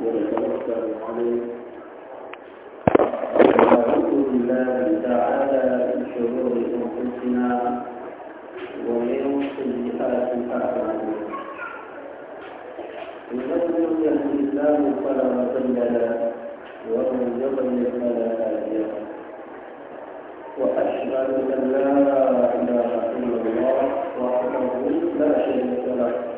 ونتوكل عليه ونعوذ بالله تعالى من شرور انفسنا ومن سيئات اعمالنا من يهد الله فلا مضل له ومن يضلل فلا هادي له واشهد ان لا اله الا الله وحده لا شريك له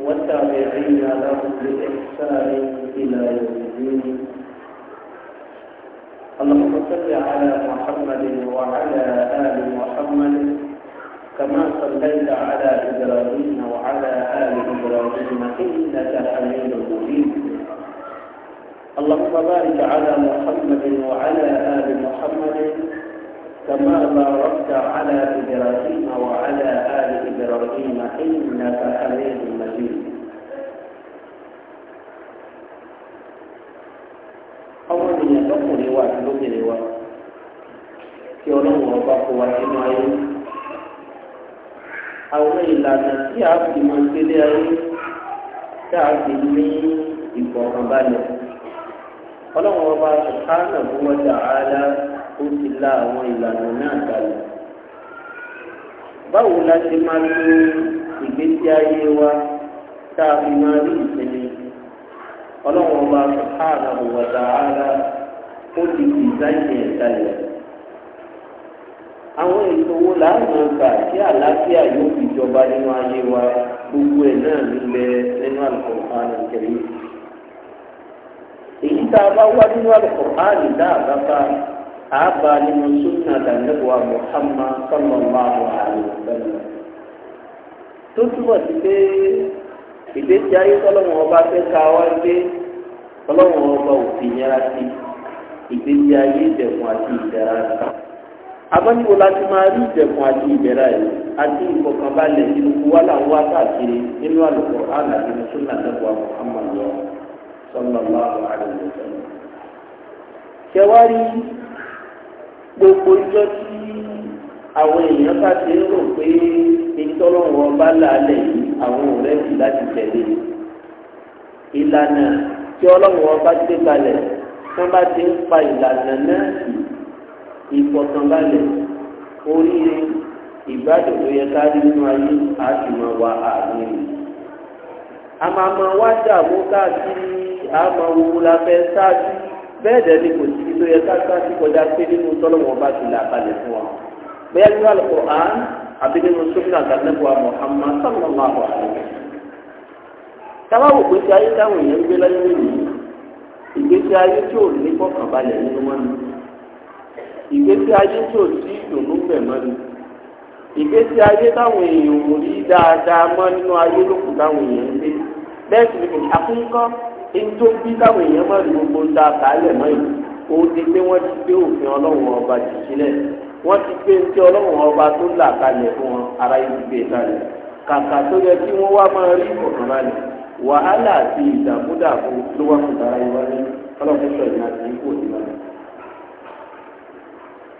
والتابعين لهم بإحسان إلى يوم الدين اللهم صل على محمد وعلى آل محمد كما صليت على إبراهيم وعلى آل إبراهيم إنك حميد مجيد اللهم بارك على محمد وعلى آل محمد كما باركت على إبراهيم وعلى آل إبراهيم إنك حميد مجيد àwọn ènìyàn lọ́kùnrin wa àti lóbìnrin wa kí ọlọ́run ọba kó wa sínú ayé àwọn ìlànà tí a fi mọ ìpele ayé tí a fi ní ìfọ̀kànbalẹ̀ ọlọ́run ọba sùkánà bó wọ́n dà á ó ti la àwọn ìlànà náà kalẹ̀. báwo la ṣe máa lo ìgbésí ayé wa tá a fi máa rí ìsinmi ọlọ́run ọba subhanahu wa ta'ala ó ti fi sáyẹn ẹ̀ kalẹ̀. àwọn ètò wo là á mọ̀ gbà kí àlàáfíà yóò fi jọba nínú ayé wa gbogbo ẹ̀ náà ń bẹ nínú Al-Qur'an al èyí tá a bá wá nínú Al-Qur'an tá a bá a àbá nínú súnà dàndẹ́gbà Muhammad sallallahu alaihi wasallam tó túbọ̀ sí pé ìgbésí ayé tọ́lọ́wọ́n ọba fẹ́ ká wá gbé tọ́lọ́wọ́n ọba òfin yára sí ìgbésí ayé ìdẹ̀kùn àti ìdẹ̀ra sí. abániwo láti máa rí ìdẹ̀kùn àti ìdẹ̀ra yìí àti ìfọkànbalẹ̀ nínú wa làwọn wá káàkiri nínú àlùkò àlà nínú súnà dàgbà Muhammad sallallahu alaihi wasallam. kẹwàá rí gbogbo ìjọ tí àwọn èèyàn bá ti ń rò pé ìtọ́lọ́wọ́ bá lálẹ́ yìí àwọn ọ̀rẹ́ ti láti tẹ̀lé ìlànà tí ọlọ́wọ́ bá gbé kalẹ̀ wọ́n bá ti ń pa ìlànà náà sí ìfọ̀kànbalẹ̀ oríire ìgbádùn tó yẹ ká rí nínú ayé àtìmọ̀ wa àárín rẹ̀. àmàmà wá dààmú káàkiri àmọ̀ wo la fẹ́ sáájú bẹ́ẹ̀ dẹ̀ ni kò sí ibi tó yẹ ká ká sí kọjá pé nínú tọ́lọ́wọ́n bá ti là balẹ̀ fún wa bẹ́ẹ̀ ní Al-Qur'an àbí nínú sunna àtàlẹ́kọ̀ọ́ Muhammad sallallahu alaihi wa sallam. tábàwò pé ti ayé táwọn èèyàn ń gbé láyé nìyí ìgbésí ayé tí ò ní kọkànbalẹ̀ nínú mọ́nu ìgbésí ayé tí ò sí ìdùnnú bẹ̀ mọ́nu ìgbésí ayé táwọn èèyàn ò rí dáadáa mọ́ nínú ayé lókùn táwọn èèyàn ń gbé bẹ́ẹ̀ sì ni ètò bí táwọn èèyàn máa lu gbogbo mọ́ yìí ó ti pé wọ́n ti gbé òfin ọlọ́run ọba jù sílẹ̀ wọ́n ti gbé ti ọlọ́run ọba tó là kalẹ̀ fún wọn ara yìí ti gbé e kalẹ̀ kàkà tó yẹ kí wọ́n wá máa rí ọ̀kan wàhálà àti ló fún yìí wáyé ọlọ́run sọ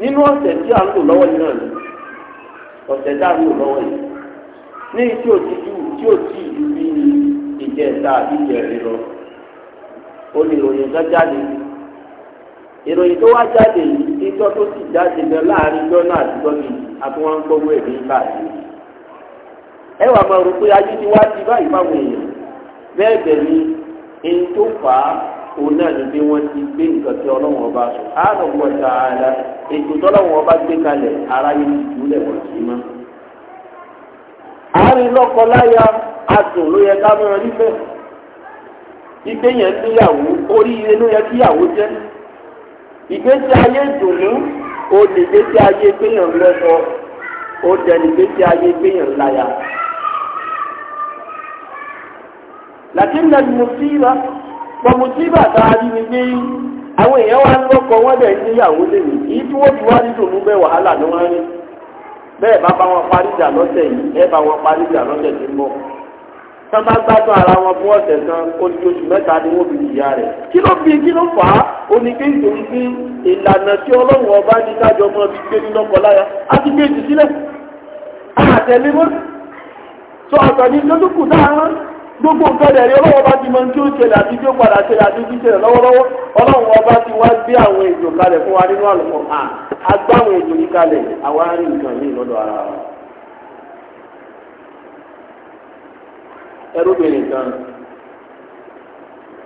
nínú ọ̀sẹ̀ tí a ń lò lọ́wọ́ oníròyìn kan jáde ìròyìn tó wá jáde yìí títọ́ tó sì jáde lọ láàrin jọ́nà àtijọ́ mi àtúwọ́n ń gbọ́wọ́ èmi káàkiri ẹ wà máa rò pé ayé ti wá ti báyìí fáwọn èèyàn bẹ́ẹ̀ bẹ̀ ni ẹni tó fà á òun náà ni bí wọ́n ti gbé nǹkan tí ọlọ́wọ́n ọba sọ àádọ́gbọ̀n ta ara ètò tọ́lọ́wọ́n ọba gbé kalẹ̀ ara yìí ti jùlẹ̀ wọ̀ sí mọ́. àárín lọ́kọ láya adùn ló yẹ ká mọ́ ọ nífẹ̀ẹ́ ìgbé yẹn níyàwó oríire ló yẹ kíyàwó jẹ́ ìgbésí ayé ìdùnnú o lè gbésí ayé gbéyàn lọ́sọ ó dẹni gbésí ayé gbéyàn láyà. làkínà mùsíbà pọ̀ mùsíbà tá a rí ni pé àwọn èèyàn wá ń lọ́kọ wọ́n dẹ̀ níyàwó lèmi èyí tí wọ́n ti wá nídùnnú bẹ́ẹ̀ wàhálà ló wá ebe rí bẹ́ẹ̀ bá bá wọn parí ìjà yìí tó bá gbádùn ara wọn fún ọ̀sẹ̀ kan oṣooṣù mẹ́ta ni wọ́n fi jìyà rẹ̀ kí ló fi kí ló fà á onígbé nítorí pé ìlànà tí ọlọ́run ọba ní kájọ mọ́ fi gbé nínú ọkọ̀ láyà á ti gbé jù sílẹ̀ àtẹ̀lé mọ́ tó àtọ̀ní lójúkù náà gbogbo nǹkan ẹ̀rí ọlọ́wọ́ bá ti mọ tí ó ṣẹlẹ̀ àti tí ó padà ṣẹlẹ̀ àti tí ó lọ́wọ́lọ́wọ́ ọlọ́run ọba ti wá gbé àwọn èèyàn kalẹ̀ fún wa nínú àlùkò àgbà àwọn èèyàn kalẹ̀ àwa rí nǹkan yìí lọ́dọ̀ ara wa. ẹrúbìnrin kan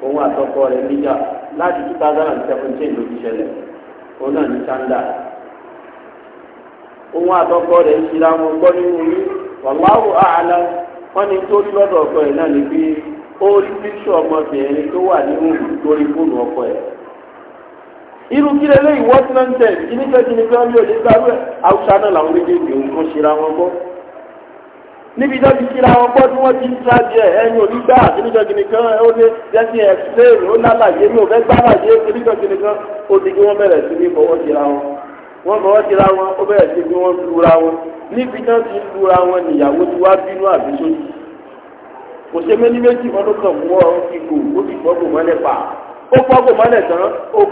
òun àtọkọ rẹ̀ níjà láti two thousand and seventeen ló ti ṣẹlẹ̀ òun náà ní sanda òun àtọkọ rẹ̀ ń ṣíra wọn gbọ́ nínú àhàlà wọn ni tó rí lọ́dọ̀ ọkọ náà ní bí ó rí píṣọ ọmọbìnrin tó wà nínú lórí fóònù ọkọ irú kí lè náà ń tẹ̀ kí ni kí yóò lè náà níbi tó ti kíra wọn pọ́ tí wọ́n ti ń traje ẹni olùgbà níbitọ́ kìnìkan ó lé jẹ́sí ẹ̀sìn ó lálàyé mi ò fẹ́ gbàlàyé níbitọ́ kìnìkan ó ti kí wọ́n bẹ̀rẹ̀ sí ní fọwọ́ kíra wọn wọ́n fọwọ́ kíra wọn ó bẹ̀rẹ̀ sí ní wọ́n lura wọn níbi tó ti ń lura wọn nìyàwó tí wá bínú àbí sójú kò ṣe méjì méjì wọn ló kàn mú ọ ìgò ó ti fọ́gò mọ́lẹ̀ pa ó fọ́gò mọ́lẹ̀ tán ó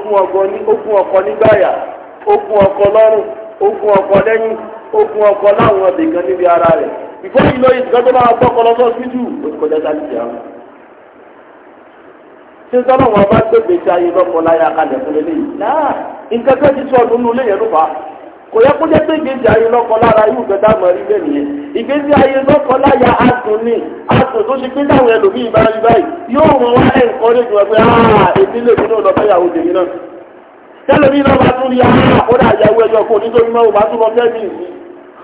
fún ọkọ nígbàyà before you know it gbọ́dọ̀ máa gbọ́ ọkọ̀ lọ́sọ̀ síjú ó ti kọjá sáré jẹ́ àwọn. ṣé sọ́nà wọn bá gbègbè tí ayé lọ́kọ láyà kalẹ̀ fún eléyìí náà nǹkan kan ti sọ ọdún nínú ilé yẹn ló fà á kò yẹ kó jẹ́ pé ìgbésí ayé lọ́kọ lára yóò gbẹ dáàmú ẹrí nìyẹn ayé tó ṣe pé táwọn bá rí báyìí yóò mọ wá pé áà èmi lè lọ fẹ́yàwó tèmi náà tẹ́lẹ̀mí náà bá tún rí àwọn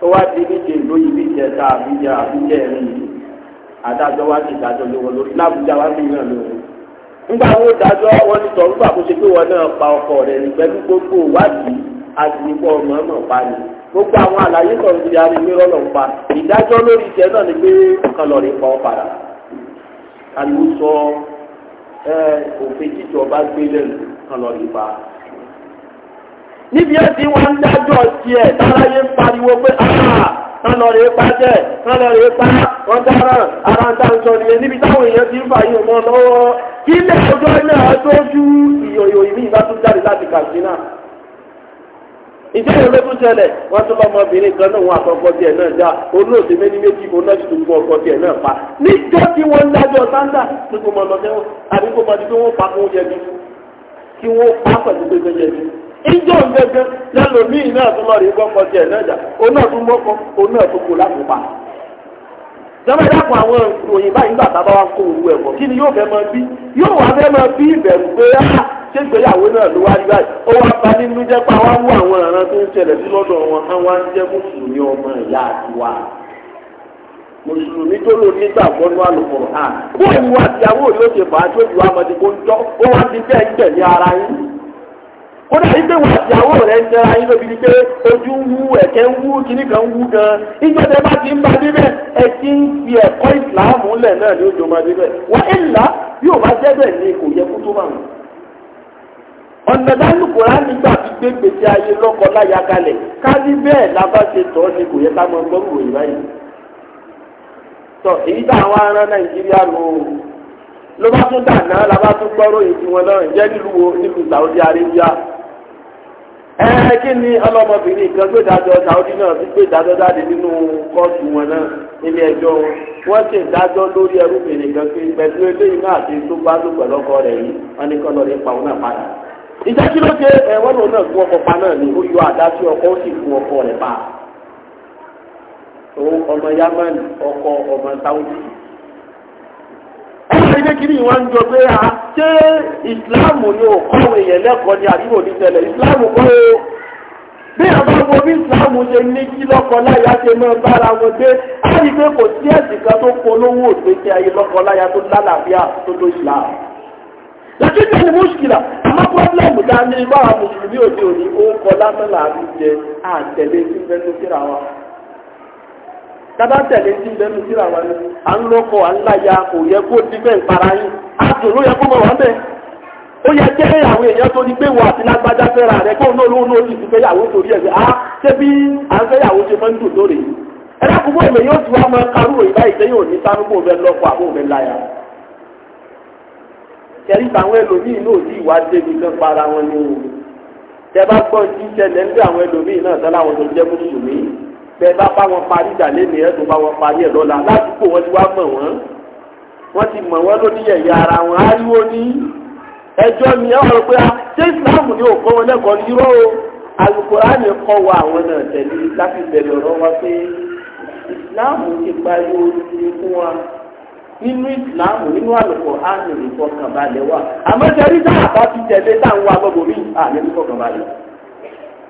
tó ti di méje lóyún bí ìjẹta àbíjà àbíjà ẹ̀rí adájọ́ wá sí ìdájọ́ lówó lórí lábújá wá sí ìrìn àná nígbà wo dájọ́ ti nígbà ṣe pé náà pa ọkọ rẹ̀ ní gbogbo gbogbo àwọn àlàyé ti rọ́lọ̀ ń pa ìdájọ́ lórí náà ni pé pa padà. àlùsọ òfin níbi ẹ̀sìn wọn ń dájọ́ sí ẹ̀ ń pariwo pé àà tánlọ́rẹ̀ jẹ́ tánlọ́rẹ̀ pa wọ́n dára ara ń dáńsọ nìyẹn níbi táwọn èèyàn ti ń fà yìí ọmọ lọ́wọ́ kí lè ọjọ́ náà tójú ìyòyò ìmí ìbá tún jáde láti kàṣínà ló tún ṣẹlẹ̀ wọ́n tún bá ọmọbìnrin kan náà wọn tiẹ̀ náà já méjì méjì náà sì tún ọkọ tiẹ̀ náà pa níjọ́ wọ́n ń dájọ́ sáńdà tó kó ìjọ gẹ́gẹ́ lẹ́lòmíì náà tún lọ rí gbọ́kọ tiẹ̀ lẹ́jà ọ náà tún gbọ́kọ òun náà tún kó lákòópa. jọ́mọ̀ ìdákun àwọn òyìn báyìí gbà tábà wá kó òwú ẹ̀kọ́ kí ni yóò fẹ́ máa bí yóò wá fẹ́ máa bí ìbẹ̀rù pé á ah, ṣé ìgbéyàwó náà ló wá rí báyìí ó wá ba nínú jẹ́ pé àwa wú àwọn ọ̀ràn tó ń ṣẹlẹ̀ sí lọ́dọ̀ wọn àwa jẹ́ mùsùlùmí ọmọ ìyá mùsùlùmí tó àlùkò hàn bóyá ìwà àtìyàwó yóò ṣe ìwà àmọ̀dé kó ń ó wá ti bẹ́ẹ̀ ó dàbí pé wọ́n ìyàwó rẹ̀ ń tẹ́ra yín lóbi ni pé ojú ń wú ẹ̀kẹ́ ń wú kíní kan ń wú gan ìjọ tẹ bá ti ń ba débẹ̀ ẹ ti ń fi ẹ̀kọ́ ìsìláàmù lẹ̀ náà ní ojú ma débẹ̀ wọ́n ẹ̀ là bí ò bá débẹ̀ ni kò yẹ kó tó bá wọn. ọ̀nà dánú kòrá nígbà tí gbé gbèsè ayé lọ́kọ láya kalẹ̀ ká ní bẹ́ẹ̀ la bá ṣe tọ́ ni kò yẹ ká mọ gbọ́rù òyìn báyìí. tọ èyí táwọn ará ló bá tún dà náà la bá tún gbọ́rọ̀ èyí tiwọn náà jẹ́ nílùú Saudi Arabia ẹ ni ọlọmọbìnrin kan gbé dájọ́ dị náà fi gbé dájọ́ jáde nínú kóòtù wọn náà nílé ẹjọ́ wọn ṣe dájọ́ lórí ẹrúbìnrin kan pé pẹ̀lú eléyìí náà ti tó bá pẹ̀lú ọkọ rẹ̀ yìí wọn ní kọlọ rẹ̀ pa òun náà padà. ìjẹ́ kí ló ṣe ẹ̀wọ́n ọkọ pa náà ni ó yọ ó sì fún rẹ̀ pa. ọkọ rí pé kí ni ìwọ́n ń jọ pé a ṣé ìsìláàmù ni ò kọ́ àwọn èèyàn lẹ́kọ̀ọ́ ni àbí òní tẹ̀lẹ̀ ìsìláàmù kọ́ o bí àwọn ọmọ bí ìsìláàmù ṣe ní kí lọ́kọ láyà ṣe máa bára wọn dé á rí pé kò sí ẹ̀sìn kan tó polówó òṣèṣe ayé lọ́kọ láyà tó lálàáfíà tó tó ìsìláàmù làkíkà ni mùsùlùmí àmọ́ pọ́blẹ́mù dání báwa mùsùlùmí òde òní ó ń kọ lásán làá jẹ àtẹ̀lé sí fẹ́ tó kíra wa. tábà tẹ̀lé tí ń bẹnu síra wa ni à ń lọ́kọ̀ à ń láya kò yẹ kó di bẹ́ẹ̀ para yín àtò ló yẹ kó mọ̀ wọ́n bẹ́ẹ̀ ó yẹ jẹ́ àwọn èèyàn tó ní pé wọ àti lágbájá fẹ́ra rẹ kó náà lóun náà sì ti fẹ́yàwó torí ẹ̀ á ah, ṣé bí à ń fẹ́yàwó ṣe fẹ́ ń dùn lórí ẹ èmi yóò wá mọ karú òyìnbá o tẹ bá gbọ́ ti ṣẹlẹ̀ ń bí àwọn ẹlòmíì náà bẹ́ẹ̀ bá bá wọn parí ìjà lẹ́nu ẹ̀ tó bá wọn parí ẹ̀ lọ́la lásìkò wọn ti wá mọ̀ wọ́n wọ́n ti mọ̀ wọ́n lórí ẹ̀yà ara wọn ariwo ní ẹjọ́ mi ẹ wọ́n pé ah, ṣé Islam ni ò kọ́ wọn lẹ́kọ̀ọ́ ní irọ́ o Al-Kùránì kọ́ wa àwọn náà tẹ̀lé láti bẹ̀rẹ̀ ọ̀rọ̀ wa pé Islam ti pariwo ti fún wa nínú Islam nínú Al-Kùránì ìfọkànbalẹ̀ wa àmọ́ tẹ̀lé táwọn ti tẹ̀lé táwọn wa gbọ́dọ̀ mí ìfọkànbalẹ̀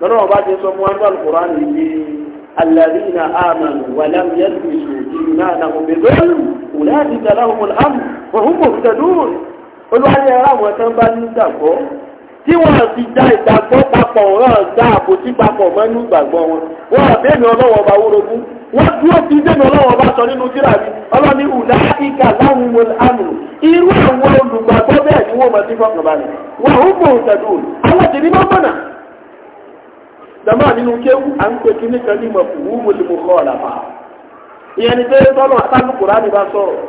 lọ́dọ̀ wọn ti sọ fún wa ní Al-Kùránì yìí الذين آمنوا ولم يلبسوا إيمانهم بظلم أولئك لهم الأمر وهم مهتدون olùwàlẹ̀ àwọn ẹ̀sán bá ní ìgbàgbọ́ tí wọ́n ti dá ìgbàgbọ́ papọ̀ rán dá àbòtí papọ̀ mọ́ ní ìgbàgbọ́ wọn wọ́n àbẹ́ẹ̀mí ọlọ́wọ́ ọba wórogún wọ́n dúró ti dẹ́nu ọlọ́wọ́ ọba sọ nínú tírà mi ọlọ́ni ìlà ìkà láwọn ohun àmì irú àwọn olùgbàgbọ́ bẹ́ẹ̀ ni wọ́n mọ̀ sí fọkànbalẹ̀ wọ́n ò mọ̀ òǹtẹ̀dùn àwọn tèmi má mọ̀nà jama nínú kéwù à ń pè kíní kan ní la mọ̀lẹ́mọ̀kọ́ ọ̀làbà ìyẹn ni pé tọ́lọ̀ àtàlùkùrá ni bá sọ̀rọ̀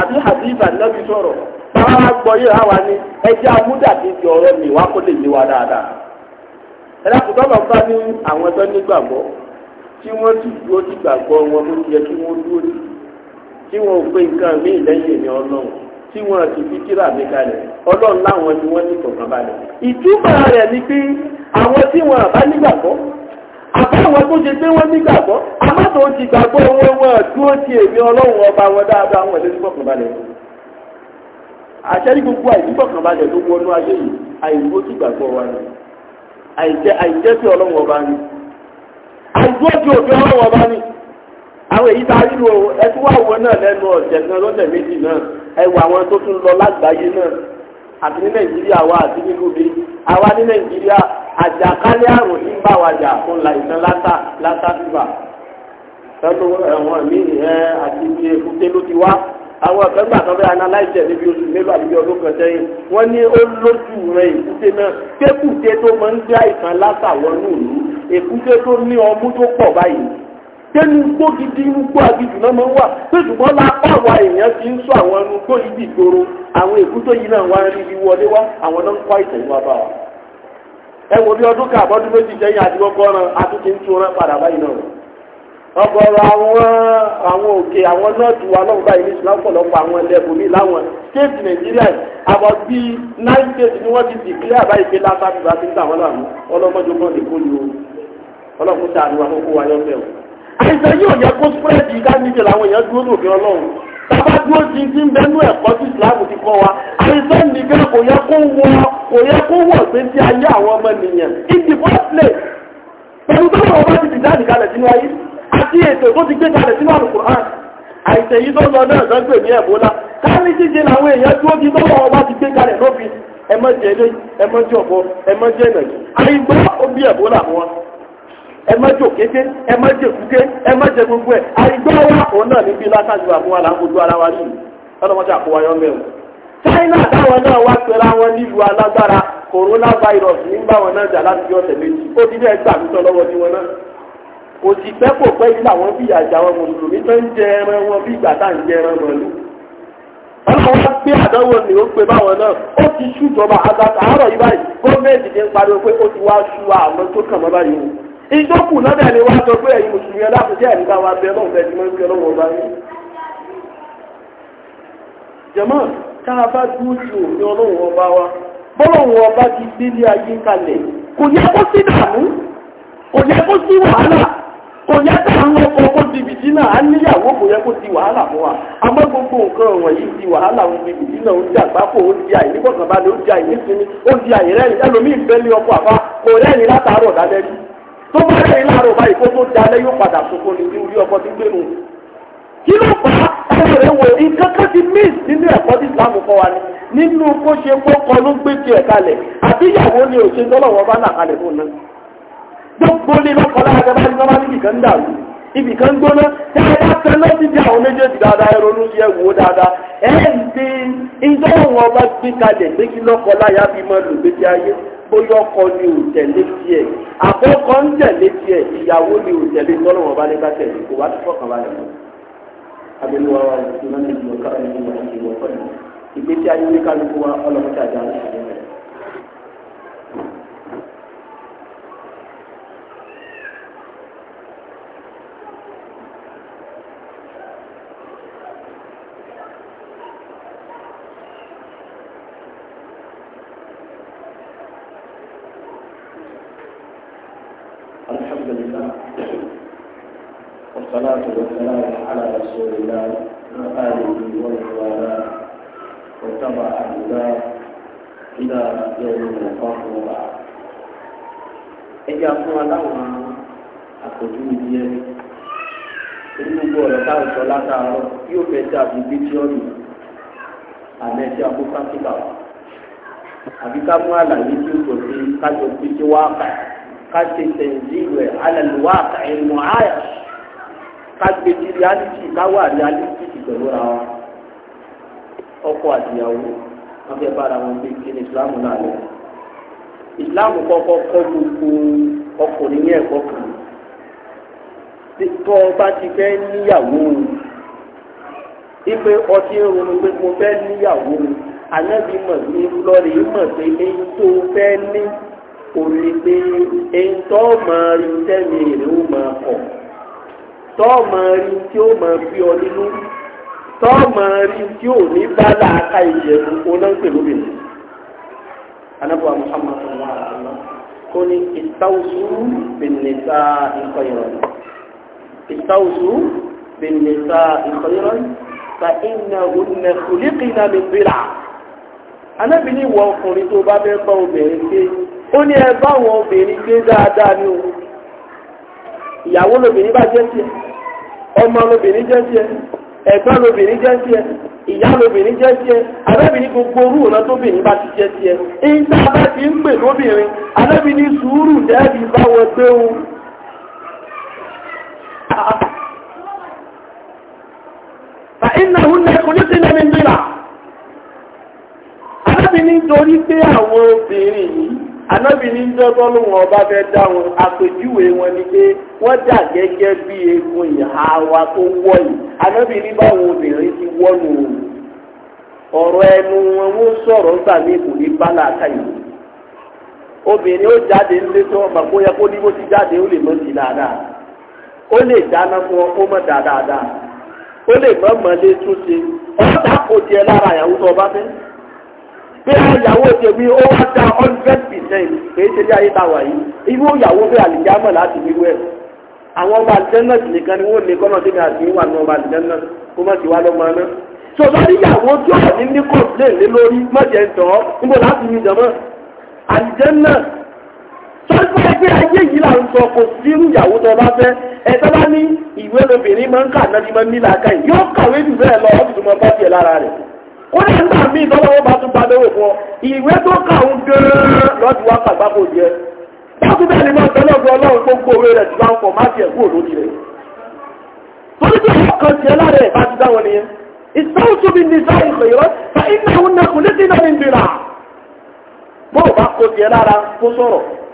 àbí hadith ànábi sọ̀rọ̀ táwa wá gbọ́ yìí há wa ni ẹjẹ́ amúdàbí di ọ̀rọ̀ mi wá kó lè yé wa dáadáa ẹ̀dá kò tọ́lọ̀ bá ní àwọn tó nígbàgbọ́ tí wọ́n sì dúró ti gbàgbọ́ wọn ló yẹ kí wọ́n dúró sí tí wọn ò pé nǹkan míì lẹ́yìn èmi ọlọ́run tí wọn fi kíra mi kalẹ̀ ọlọ́run láwọn ni wọ́n ní kọ̀ọ̀kan balẹ̀ ìtumọ̀ rẹ̀ ni pé àwọn tó ṣe pé wọ́n nígbàgbọ́ ti gbàgbọ́ wọn ó ti èmi ọlọ́run ọba wọn dáadáa wọn lè kànbalẹ̀ àṣẹ́rí gbogbo kànbalẹ̀ tó ayé yìí ti gbàgbọ́ wa ni àìjẹ́ sí ọlọ́run ọba ni ti òfin ọlọ́run ọba ni àwọn èyí tá a ẹtú wà wọn náà lẹ́nu ọ̀sẹ̀ kan lọ́sẹ̀ méjì náà ẹwà àwọn tó tún àti ní nàìjíríà wa àti nínú mi àwa ní nàìjíríà àjàkálẹ̀ àrùn ní bá wa jà fún làìsàn látà látà fífà pẹ̀lú ẹ̀wọ̀n mi ẹ̀ àti ibi èkúté ló ti wá àwọn ọ̀kẹ́gbà kan bẹ́ẹ̀ analyze níbi oṣù mélòó àti ọdún kan sẹ́yìn wọ́n ní ó lójú rẹ̀ èkúté náà kékùté tó máa ń gbé àìsàn látà wọnú ìlú èkúté tó ní ọmú tó pọ̀ báyìí tẹnu gbó gidi ugbo gbó na náà máa ń wà tó ṣùgbọ́n lápá àwa èèyàn ti ń sọ àwọn ẹnu gbó yìí dìgboro àwọn èkútó yìí náà wá rí wọlé wá àwọn náà ń kọ́ àìsàn yìí wá bá wa. ẹ wo bí ọdún ká àbọ̀dún méjì sẹ́yìn àti kọ́kọ́ awọn àtúntì ń tún ran padà báyìí náà. ọgọrọ àwọn àwọn òkè àwọn mi láwọn nàìjíríà àìsàn yóò yẹ kó spread ká níbi làwọn èèyàn dúró lòfin ọlọ́run tàbá dúró ti ti ń bẹnu ẹ̀kọ́ tí islam ti kọ́ wa àìsàn nìkan kò yẹ kó wọ kò yẹ kó wọ̀ pé tí ayé àwọn ọmọ nìyẹn in the first place pẹ̀lú tó lọ́wọ́ bá ti kalẹ̀ sínú ayé àti ètò tó ti gbé kalẹ̀ sínú àlùkò hàn àìsàn yìí tó lọ náà ní káàní làwọn èèyàn dúró lọ́wọ́ bá ti gbé kalẹ̀ ẹ má gbogbo ẹ àìgbọ́ òun náà níbi látàjú àmúwa là ara wa i China táwọn náà wá pẹ̀lú àwọn nílùú alágbára coronavirus nígbà wọn náà jà láti ọ̀sẹ̀ méjì ó ti dẹ́ gbà mítọ́ lọ́wọ́ ní wọn náà. kò sì pẹ́ kò pẹ́ wọn mùsùlùmí tó ń jẹ ẹran wọn bí ìgbà tá à ń jẹ ẹran ọlọ́wọ́ pé àdánwò ni ó pe báwọn náà ó ti ti ń pariwo ìjókù lọ́dẹ̀ ni wọ́n sọ pé ẹ̀yin mùsùlùmí ẹlẹ́kùnjẹ́ ẹ̀rí bá wa bẹ lọ́wọ́ ẹ̀jú lọ́wọ́ ọba yín. jẹ̀mọ́ tá a bá dúró ọba wa bọ́lọ́run ọba ti gbélé ayé kalẹ̀ kò yẹ kó sí dààmú kò yẹ kó sí wàhálà kò yẹ kó àwọn ọkọ̀ kó á níyàwó kò yẹ kó wàhálà fún wa àmọ́ gbogbo nǹkan wàhálà ó di àgbákò ó di àìníkọ̀kànbalẹ̀ tó bá rẹ̀ láàárọ̀ báyìí kó tó dalẹ̀ yóò padà sọ̀kò ní orí ọkọ̀ tí gbẹ̀rù. kí ló fà á rẹ̀ wò ní kankan ti nínú ẹ̀kọ́ tí Islam kọ́ wa ni nínú kó ṣe kókọ ló gbé àbí ìyàwó ni òṣè tọ́lọ̀wọ́ bá kalẹ̀ fún náà. gbogbo ní lọ́kọ̀ bá ní ń bóyá ọkọ ni ò tẹ̀lé tiẹ̀ àbọ̀kọ ń tẹ̀lé tiẹ̀ ìyàwó ni ò tẹ̀lé tọ́lọ́wọ́ bá lé bá tẹ̀lé kò wá ti fọ́kàn balẹ̀ mọ́. abẹ́lé wa wà lóṣù náà ní ìlú ọ̀kára ní ìlú ọ̀kára ìgbésí ayé wíkálukú wa ọlọ́mọdé àjà ń ṣe àbí A àmì àkókò àbí ká mú àlàyé tí o kò sí kájọ pété wá kà ká ṣe tẹ̀sí rẹ̀ alẹ́lu wá kà ẹ̀mọ́ àyà ká gbé ti reality ká wà reality pẹ̀lú ra wa ọkọ àtìyàwó wọn fẹ́ bára wọn gbé kí ni Islam náà lọ Islam kọ́kọ́ kọ́ gbogbo ọkùnrin ní ẹ̀kọ́ kan tó ti fẹ́ níyàwó ipe ọtí ń ronú pé mo fẹ́ níyàwó mi ànábì mọ̀ ní lọ́ọ̀rì mọ̀ pé èyí tó fẹ́ ní òní pé èyí tó mọ̀ rí tẹ́mi rẹ̀ ó mọ̀ kọ̀ tó mọ̀ rí tí ó mọ̀ fi ọ nínú tó mọ̀ rí tí ò ní bá làákà ìjẹ̀bù onáńpẹ̀ lóbìnrin. anábọ̀ Muhammad sallallahu alaihi wasallam kó ní ìtàwùsù bìnnìta ìkọyọ̀rọ̀ ìtàwùsù bìnnìta ìkọyọ̀rọ̀ fa iná ònà kùlíkìnà lè bìlà anábì ní ìwọ ọkùnrin tó bá fẹ́ bá obìnrin gbé ó ní ẹ bá àwọn obìnrin gbé dáadáa ní o ìyàwó lobìnrin bá jẹ́ tiẹ̀ ọmọ lobìnrin jẹ́ tiẹ̀ ẹ̀gbọ́n lobìnrin jẹ́ tiẹ̀ ìyá lobìnrin jẹ́ tiẹ̀ arábìnrin gbogbo orú ọ̀nà tóbìnrin bá ti jẹ́ tiẹ̀ ìta bá ti ń pè lóbìnrin arábìnrin sùúrù dẹ́ẹ̀bì bá wọn gbé wọn. nítorí pé àwọn obìnrin yìí anábìnrin ń jọ́tọ́ lóhùn ọba fẹ́ dá wọn àpèjúwe wọn ni pé wọ́n dà gẹ́gẹ́ bí egun ìhà wa tó wọ̀ yìí anábìnrin báwọn obìnrin ti wọ́nu ọ̀rọ̀ ẹnu wọn wọ́n sọ̀rọ̀ nígbà mí kò ní bá yìí obìnrin ó jáde nílé tó ọmọ bóyá kó ní bó ti jáde ó lè mọ sí dáadáa ó lè dáná fún ọ kó dáadáa ó lè bí ìyàwó tèmi ó wá dá hundred percent kìí ṣe bí ayé ta wà yìí irú ìyàwó bí àlìjámọ̀ láti wíwú ẹ̀ àwọn ọba àlìjẹ́nà sì nìkan ni wọ́n lè kọ́nà sí ní àti wà ní ọba àlìjẹ́nà kó má ti wá lọ́mọ náà sọ̀tọ́ níyàwó tó àní ní complain lé lórí mọ̀jẹ̀ ń tọ́ níbo láti yin jọmọ́ àlìjẹ́nà sọ́jọ́ ẹgbẹ́ ayé yìí là ń sọ kò sí ìyàwó tó bá fẹ́ ẹ tó bá ní ìwé lobìnrin máa ń kà náà ti máa ń nílà ká yìí yóò kàwé jù bẹ́ẹ̀ lọ ọ́ ó ní nígbà míì tọ́wọ́ wọn bá tún iwe lówó fún ọ ìwé tó kà ń gẹ́rẹ́ lọ́dún wá kà gbáko jẹ bákú bẹ́ẹ̀ ni máa tẹ́lẹ̀ ọgbọ́n ọlọ́run tó gbó owó rẹ̀ ti bá ń pọ̀ rẹ̀ kan ti dáwọn nìyẹn ìsáwó tó bí ní sáà o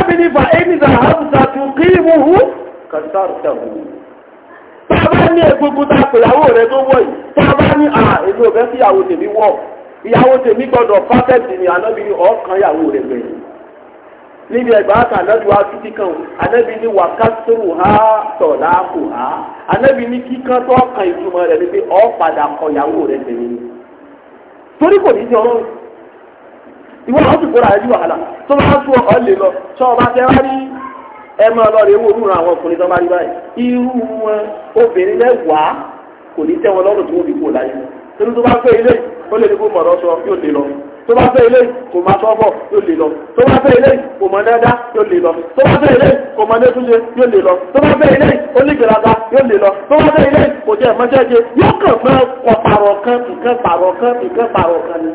ànábì ní fa ẹnìdà hamsa tó kí ìmúhu kàtàkùtàkù tá a bá a pè ìyàwó rẹ tó wọ̀ yìí tá a bá ní à èmi ò fẹ́ sí ìyàwó tèmi wọ̀ ìyàwó tèmi gbọ́dọ̀ pátẹ́ẹ̀tì ni ànábì ní ọ̀ọ́kan ìyàwó rẹ gbẹ̀yìn níbi ẹgbẹ́ àti anabi wa títí kan anabi ní wàkásùrù ha tọ̀lá kù ha anabi ní kíkan tó ọkàn ìtumọ̀ rẹ̀ ní pé ọ̀ padà kọ ìyàwó rẹ̀ tẹ̀lé torí kò ní í ṣe ìwọ́n náà ti kóra ẹ̀jú wàhálà tó bá tún ọ̀ lè lọ tó ọba tẹ wá rí ẹ máa lọ rè wọ́n rúra àwọn ọkùnrin tó bá rí báyìí irú wọn obìnrin mẹ́wàá kò ní tẹ́ wọn lọ́rùn tó wọ́n fi kú láyé torí tó bá fẹ́ ilé ó lè ní kó mọ̀rọ̀ sọ yóò lè lọ tó bá fẹ́ ilé kò máa sọ́bọ̀ yóò lè lọ tó bá fẹ́ ilé kò mọ dáadáa yóò lè lọ tó bá fẹ́ ilé kò mọ nẹ́túnṣe yóò lè lọ tó bá fẹ́ ilé ó ní gbèrada yóò lè lọ tó bá fẹ́ ilé kò jẹ́ ìmọ̀ṣẹ́jẹ yóò kàn máa kọ kan nǹkan kan nǹkan kan ni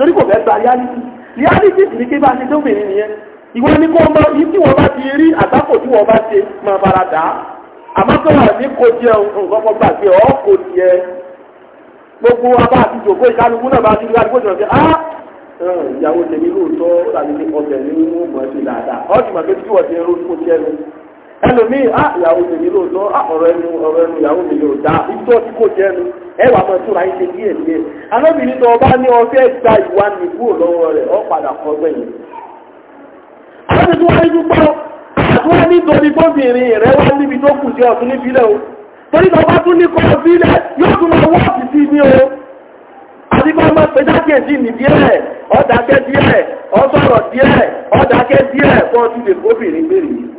torí kò fẹ́ gba reality reality sì ní kí bá ṣe tó bìnrin nìyẹn ìwọ ní kó ọmọ yìí tí wọ́n bá ti rí àtàkò tí wọ́n bá ṣe máa fara dà á àmọ́ tó wà ní kò jẹ nǹkan kan gbàgbé ọ́ kò tiẹ̀ gbogbo abá àti ìjòkó ìkálukú náà bá ti rí kálukú ìjọba ṣe á ìyàwó tèmi lóòótọ́ ó dàbí ọbẹ̀ ní mú mọ́ sí dáadáa ọ́ sì mọ̀ pé tí wọ́n ti ń kó tiẹ̀ lọ ẹlòmíì á ah, ìyàwó mi yìí lóòótọ́ á ah, ọ̀rọ̀ ẹnu ọ̀rọ̀ ẹnu ìyàwó mi yóò dá ìtọ́ tí kò jẹ́ ẹnu ẹ wà máa túra ẹ ṣe díẹ̀ díẹ̀ anábìrin tó ọba ní gba ìwà ọ padà rẹ̀ wá níbi tó kù sí ọ̀tún o torí tún ní kọ́ sílẹ̀ yóò tún máa wọ́ọ̀tì sí ní o àti ní díẹ̀ ọ̀dàkẹ́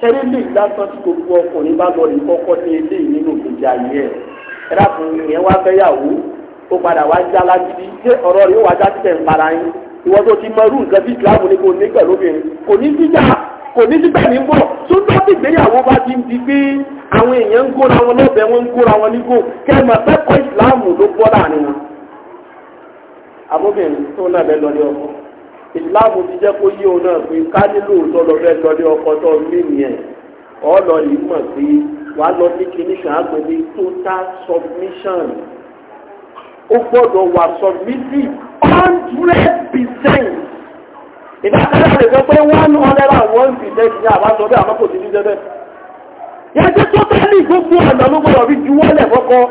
sẹ́ni lè lásán tí gbogbo ọkùnrin bá lọ rí kọ́kọ́ ní eléyìí nínú ìgbésí ayé ẹ̀ ẹ̀rá ìyẹn wá fẹ́yàwó ó padà wá já lágídí ṣé ọ̀rọ̀ rẹ̀ wá já tẹ̀ ń para yín tó ti nǹkan bí ìsìláàmù ni kò ní pẹ̀lú obìnrin kò ní kò ní síbẹ̀ ní bọ̀ tó tó ti gbéyàwó bá ti di pé àwọn èèyàn ń kóra wọn lọ́bẹ̀ wọn ń kóra wọn nígò ìsìláàmù ló láàrin wọn. tó náà ìsìláàmù ti jẹ́ kó yí òun náà pé ká nílò tó lọ fẹ́ lọ ní ọkọ tó ní nìyẹn ọ̀ọ́lọ́ yìí mọ̀ pé wàá lọ ní kinní kan àgbẹ̀ ní total submission ó gbọ́dọ̀ wà submissive hundred percent ìdákẹ́lẹ́ rẹ̀ sọ pé one hundred and one percent ní àbájọ bí àmọ́kò ti ní jẹ́bẹ́ yẹn jẹ́ tó tẹ́lẹ̀ gbogbo ọ̀nà ló gbọ́dọ̀ fi juwọ́lẹ̀ kọ́kọ́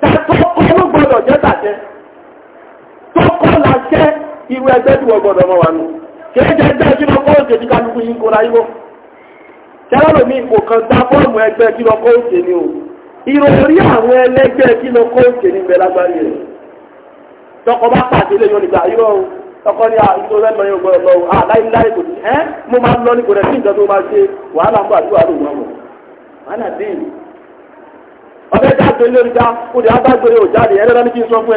tàtọ́kọ́ ló gbọ́dọ̀ jẹ́ tàjẹ́ tọ́kọ́ làjẹ́ irú ẹgbẹ́ tí wọ́n gbọ́dọ̀ mọ́ wa nù kéèjẹ ẹgbẹ́ kí lọ kọ́ òkè tí kálukú yín mi kò kàn fọ́ọ̀mù ẹgbẹ́ ni o ìròrí àwọn ẹlẹ́gbẹ́ kí lọ kọ́ òkè ní bẹ́ẹ̀ lágbárí rẹ̀ tọkọ bá pàdé nígbà tọkọ ní àìsàn gbọ́dọ̀ kò lọ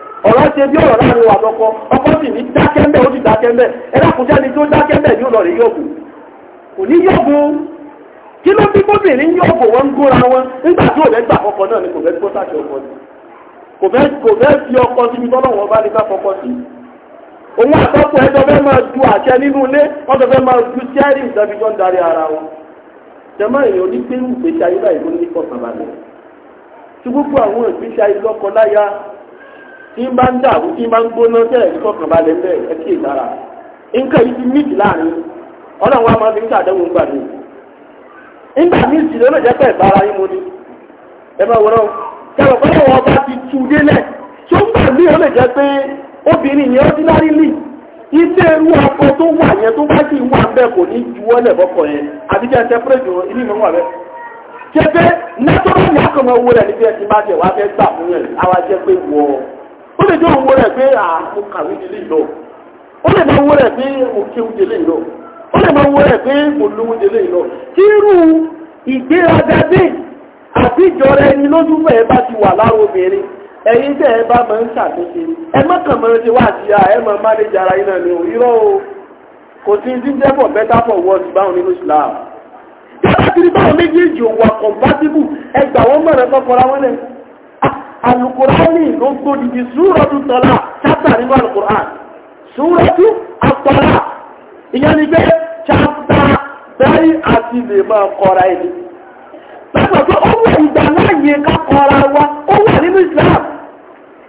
ọ̀rọ̀ ṣe bí ọ̀rọ̀ láàrin wà lọ́kọ́ ọkọ sì ní dákẹ́ mbẹ́ ó sì dákẹ́ mbẹ́ ni tó dákẹ́ ní ọ̀rọ̀ yọ̀bù kò ní yọ̀bù kí ló bí yọ̀bù wọn wọn nígbà tí gbà náà ni kò fẹ́ gbọ́ ọkọ ni kò fẹ́ fi ọkọ wọn bá ju àṣẹ nínú wọn jẹ́mọ́ èèyàn ní pé ayé báyìí ló tí bá ń dàrú tí bá ń gbóná jẹ́ ẹ̀rí kọ̀ọ̀kan balẹ̀ bẹ́ẹ̀ ẹkí kí ìtara nǹkan yìí ti láàrin ọlọ́run wa máa fi ń sàdéhùn gbà mí nígbà mí lọ́nà jẹ́ pẹ́ ìbára yín mo ní ọba ti tu délẹ̀ ń gbà jẹ́ pé obìnrin ordinary ilé ọkọ tó wà yẹn tó bá sì wà bẹ́ẹ̀ kò ní ju ó lè jẹ́ òun wọ́n rẹ̀ pé àmú kàwé délé ìlọ ó lè máa wọ́n rẹ̀ pé mo kéwú délé ìlọ ó lè máa tiru rẹ̀ pé mo lówó délé irú ti wà lára obìnrin ẹ̀yin tẹ́ ẹ bá máa ń ṣàtúnṣe ẹ mọ́kàn máa ṣe wá àti jara iná ni ò o kò sí jíjẹ́ báwọn nínú báwọn méjèèjì òwò wọn alukurani ló ń tó dìdí súrọ́tù tọ́lá chapter nínú alukuran súrọ́tù àtọ́lá ìyẹn ni pé chapter bẹ́ẹ̀ àti lè máa kọ́ra ẹni. Bàbá tó ó wà ìgbà láàyè ká kọ́ra wa ó wà nínú Islam.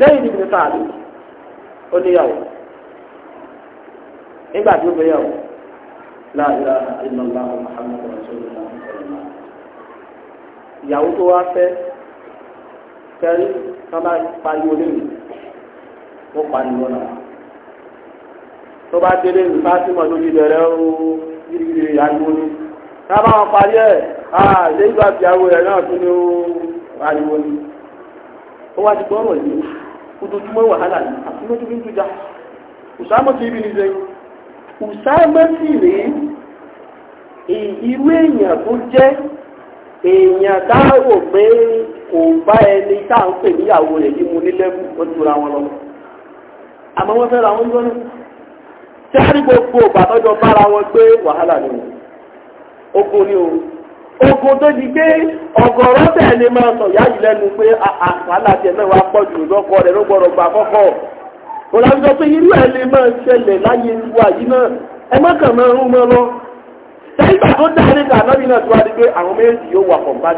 lẹ́yìn ìdìbò sáàlì ó níyàwó nígbà tí ó bẹ yàwó láàbíra ìlànà Muhammadu rasulullah ìyàwó tó wá fẹ́ kẹrí sábà pariwo léwu ó pariwo náà tó bá délé ìfásímọ̀ lórí ìbẹ̀rẹ̀ ooo yìí ariwo ni sábà wọn parí ẹ̀ àà lẹ́yìn bá fi àwọ̀ ẹ̀ náà tún ní ooo ariwo ni ó wá ti gbọ́ yìí ojoojúmọ́ wàhálà ní àfúnmọ́jú bí tó já Usama ti ibi ní zẹ́yìn Usama sì rèé irú èèyàn tó jẹ́ èèyàn dáwò pé kò bá ẹni tá à ń pè níyàwó rẹ̀ yí mu nílẹ́kùn ó tura wọn lọ àmọ́ wọ́n fẹ́ra wọn ogun ni o ogun tó di pé ọ̀gọ̀rọ̀ bẹ́ẹ̀ ni máa sọ ìyá yìí pé àkàlà tiẹ̀ náà wàá jù lọ́kọ rẹ̀ ló gbọ́dọ̀ gbà kọ́kọ́ òlàjọ pé irú ẹ̀ lè máa láyé wa yìí náà ẹ má kàn máa rún mọ́ lọ sẹ́yìnbà tó dáa níta náà tó wá di pé àwọn méjì yóò wà kọ̀ǹbá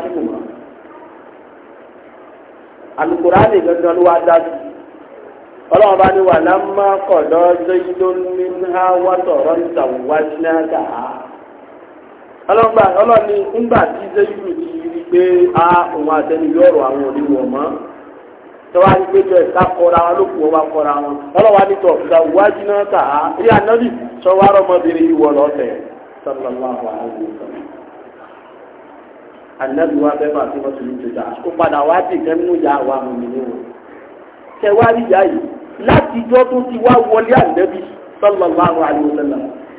ọlọ́gbà ọlọ́ni ńgbà tí zéyù ti rí pé a òun àtẹnu yọrọ àwọn oníwọ̀ mọ́ tọ́wá ní pé bẹ́ẹ̀ ká kọ́ra wọn ló kù wọn wá kọ́ra wọn ọlọ́wà ní tọ̀ ṣùgbọ́n wájú náà tà á rí ànábì sọ́wọ́ arọ́mọbìnrin yìí wọ̀ lọ́tẹ̀ sallallahu alaihi wasallam ànábì wa bẹ́ẹ̀ bá tí wọ́n ti ní ti dà ó padà wá dì kẹ́ nínú ìyá wa mọ̀ mí níwọ̀n tẹ wá rí ìyá yìí láti tó ti wá wọlé ànábì sallallahu alaihi wasallam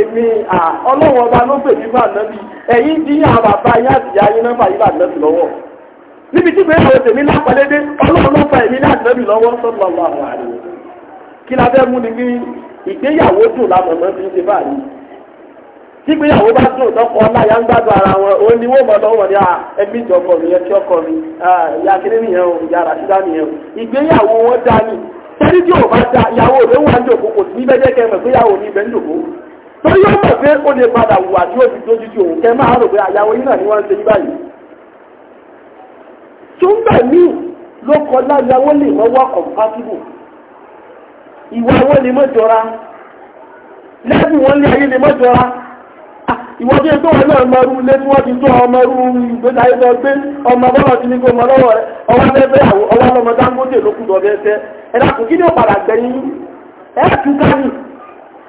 èmi a ọlọ́wọ́ ọba ló gbèmí bá nàbì ẹ̀yìn di àbàbà yín àtìyá ayé náà báyìí bá nàbì lọ́wọ́ níbi tí bẹ́ẹ̀ lọ́wọ́ tèmi lápàlédé ọlọ́wọ́ ló fa èmi la fẹ́ mú ni bí ìgbéyàwó dùn lámọ̀mọ́ fi ń ṣe báyìí tígbéyàwó bá dùn lọ́kọ láyà ń gbádùn ara wọn ní wọ́n lọ́wọ́ o ìyá nìyẹn o ìgbéyàwó wọn dání tí ò bá ìyàwó rẹ̀ wà ń kò sí pé ìyàwó mi torí ó mọ̀ pé ó lè padà wà tí ó fi tó títí òun kẹ máa rò pé àyàwó yìí náà ni wọ́n ń ṣe ní báyìí tó ń gbà míì ló kọ lè mọ́ compatible ìwà wọn lè mọ́ jọra lẹ́bùn wọn lé ayé lè mọ́ jọra ìwọ tó ń tó wọn náà mọrú ilé tí wọ́n ti tó ìgbésà lọ ọmọ bọ́lá ti ní kó mọ lọ́wọ́ rẹ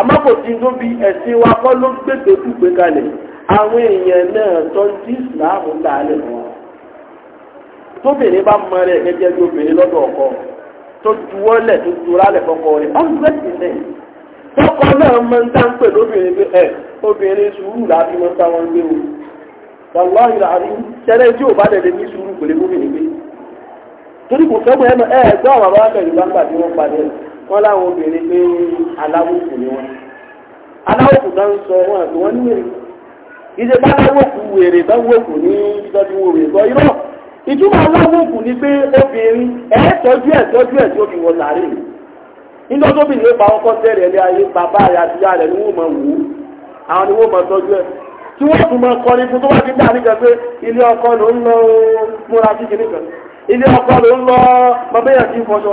amákòtí tó bí ẹ̀sìn wa kọ́ ló gbèsè dùgbé kalẹ̀ àwọn èèyàn náà tó ń di ìsìláàmù dálẹ̀ wọn tóbìnrin bá mọ rẹ̀ gẹ́gẹ́ bí obìnrin lọ́dọ̀ ọkọ tó juwọ́lẹ̀ tó jurálẹ̀ kọ́kọ́ rẹ̀ ọ̀gbẹ́sì náà tọkọ náà máa ń tán pè lóbìnrin pé ẹ obìnrin sùúrù láti máa ń táwọn gbé o wàláhì láàrin tẹ́lẹ̀ tí ò bá dẹ̀ ní sùúrù pèlè gómìnir torí kò fẹ́ mọ ẹ gbọ́ àwọn abáwá pẹ̀lú tí wọ́n padà wọ́n láwọn obìnrin pé aláwòkù ni wọ́n aláwòkù náà ń sọ wọn àti wọ́n níwèrè ìṣe bá aláwòkù wèrè bá wòkù ní ìtọ́jú wòrè sọ irọ́ ìtumọ̀ aláwòkù ni pé obìnrin ẹ̀ tọ́jú ẹ̀ tọ́jú ẹ̀ tí ó fi wọ sàárè nígbà tó bìnrin pa ọkọ tẹ̀rẹ̀ ẹ̀lẹ́ ayé bàbá rẹ̀ àti ìyá rẹ̀ ni wọ́n máa wò ó àwọn ni wọ́n máa tọ́jú ẹ̀ tí wọ́n tún máa kọ́ ní fún tó wà ní dáa nígbà pé ilé ọkọ ló ń lọ múra kíkiri kan ilé ọkọ ló ń lọ bàbá yẹn ti fọṣọ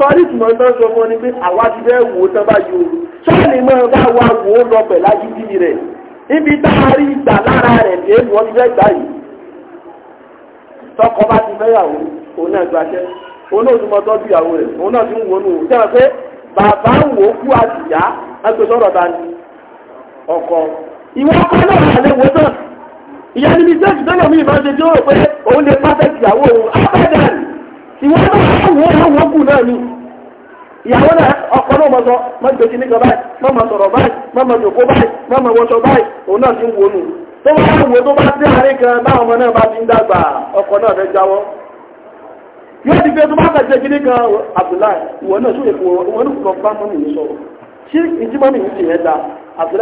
sọ́ọ́lì tí mo ń tán sọ fún ọ ni pé wò ó tán o bá wa wò ó lọ pẹ̀lú ibi tá a rí ìgbà lára rẹ̀ ti fẹ́ gbà yìí tọkọ bá ti fẹ́yàwó òun náà gbaṣẹ́ òun náà ti mọ tọ́jú ìyàwó rẹ̀ òun náà ọkọ ìwọ ọkọ náà wà ìyá ni mi ìwọ náà wọ́n kù náà ni ìyàwó náà ọkọ náà mọ̀sọ́ máa gbèsè nígbà báyìí máa ma sọ̀rọ̀ báyìí máa ma jòkó báyìí máa ma wọṣọ báyìí òun náà ti ń nù tó bá tó bá dé àárín kan báwọn ọmọ náà bá ti ń dàgbà ọkọ náà fẹ́ jáwọ́ yóò ti bá kí nìkan ìwọ náà wọn kò bá mọ́mì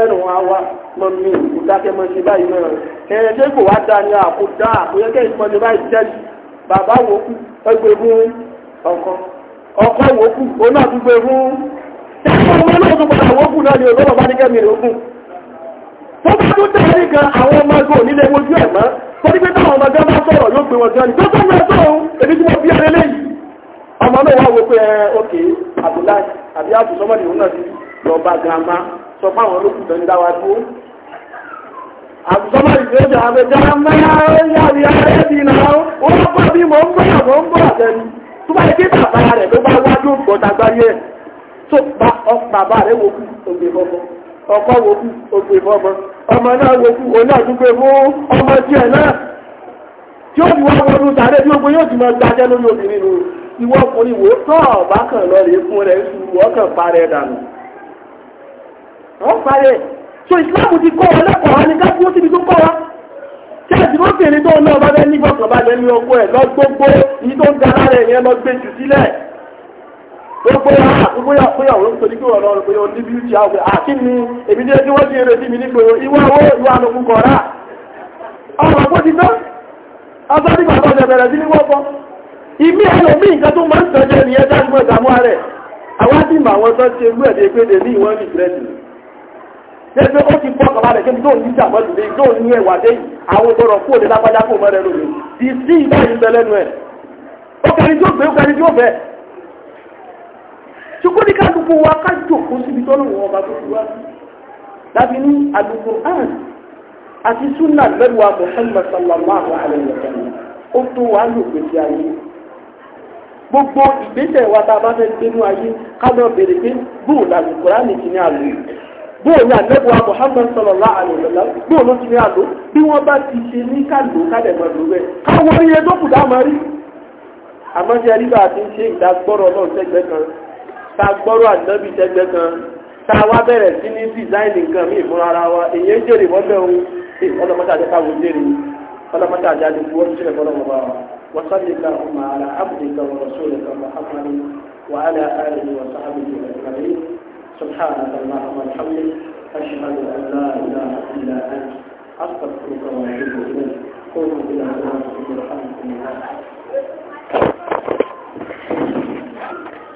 da wọn á wá mọ́mì kò dákẹ́ mọ́ báyìí náà ẹ̀ẹ́dẹ́gbò wá dá ní bàbá wò kú ẹgbẹ́ fún ọkọ ọkọ wò kú òun náà tún gbé fún ọmọ náà tún padà wò kú náà ni òun bá ní kẹ́mi rẹ̀ fún tó bá tún tẹ̀lé nìkan àwọn ọmọ ẹgbẹ́ òní lè wojú ẹ̀ mọ́ torí pé táwọn ọmọ ẹgbẹ́ bá sọ̀rọ̀ yóò gbé wọn tó ọmọ náà wá wo pé ẹ sọ fáwọn dúró àti sọ́mọ́lì tó jà á fẹ́jà mẹ́ra ó yà ní ayé bí nà ó ó lọ bọ́ bí mò ń bọ̀ mò ń bọ̀ àtẹnu tó bá yẹ kí bàbá rẹ̀ ló bá wájú gbọ́dàgbáyé ẹ̀ tó bá bàbá rẹ̀ wò kú ògbè fọ́fọ́ ọkọ wò kú ògbè fọ́fọ́ ọmọ náà wò kú òní àdúgbò fún ọmọ tiẹ̀ náà tí ó ti wá wọnú sàrẹ́ tí ogun yóò ti máa gbajẹ́ lórí obìnrin nù ìwọ ọkùnrin wò tọ́ ọ̀bá kan lọ rèé fún rẹ̀ sùn wọ́n kàn parẹ́ dànù. wọ́n parẹ́ so islam ti kọ́ ọ lẹ́kọ̀ọ́ ní ká kúrò síbi tó kọ́ wa tẹ́lẹ̀ tí wọ́n fèrè tó náà bá fẹ́ ní fọkànbalẹ̀ ní ọkọ ẹ̀ lọ gbogbo tó ń rẹ̀ yẹn lọ gbé sílẹ̀ ya gbogbo ya gbogbo ya kí lọ pé ó ní bíi ti àti ah, èmi ní ẹni wọ́n ti rẹ̀ sí mi owó ṣebí ó ti fọkàn balẹ̀ ṣebí tó ní ìjàmbá lòdì tó ní ẹwà déyìí àwọn ìtọ́rọ̀ kú òde lápájá kó mọ́rẹ́ lòdì ti sí ìbáyìí ń bẹ lẹ́nu ẹ̀ ó kẹni tí ó fẹ́ ó kẹni tí ó fẹ́ ṣùgbọ́n ní kálukú wa ká jòkó síbi tọ́lọ̀ wọn ọba tó fi wá láti ní àlùkò àn àti súnà lẹ́nu wa Muhammad sallallahu alayhi wa sallam ó tó wàá lò bóò ní àtẹ́bùwà Muhammad sallallahu alaihi wasallam bóò ló ti ní àlò bí wọ́n bá ti ṣe ní kàlò kálẹ̀ mọ̀lú rẹ̀ káwọn orí ẹjọ́ kù dá máa rí àmọ́ ṣe rígbà ṣe ìdágbọ́rọ̀ náà sẹ́gbẹ́ kan kan wá bẹ̀rẹ̀ sí ní nǹkan ara wa èyí ń jèrè wọ́n ọlọ́mọdé jèrè ọlọ́mọdé àjẹ́ سبحانك اللهم وبحمدك أشهد أن لا إله إلا أنت أستغفرك وأتوب إليك قوم إلى الله برحمة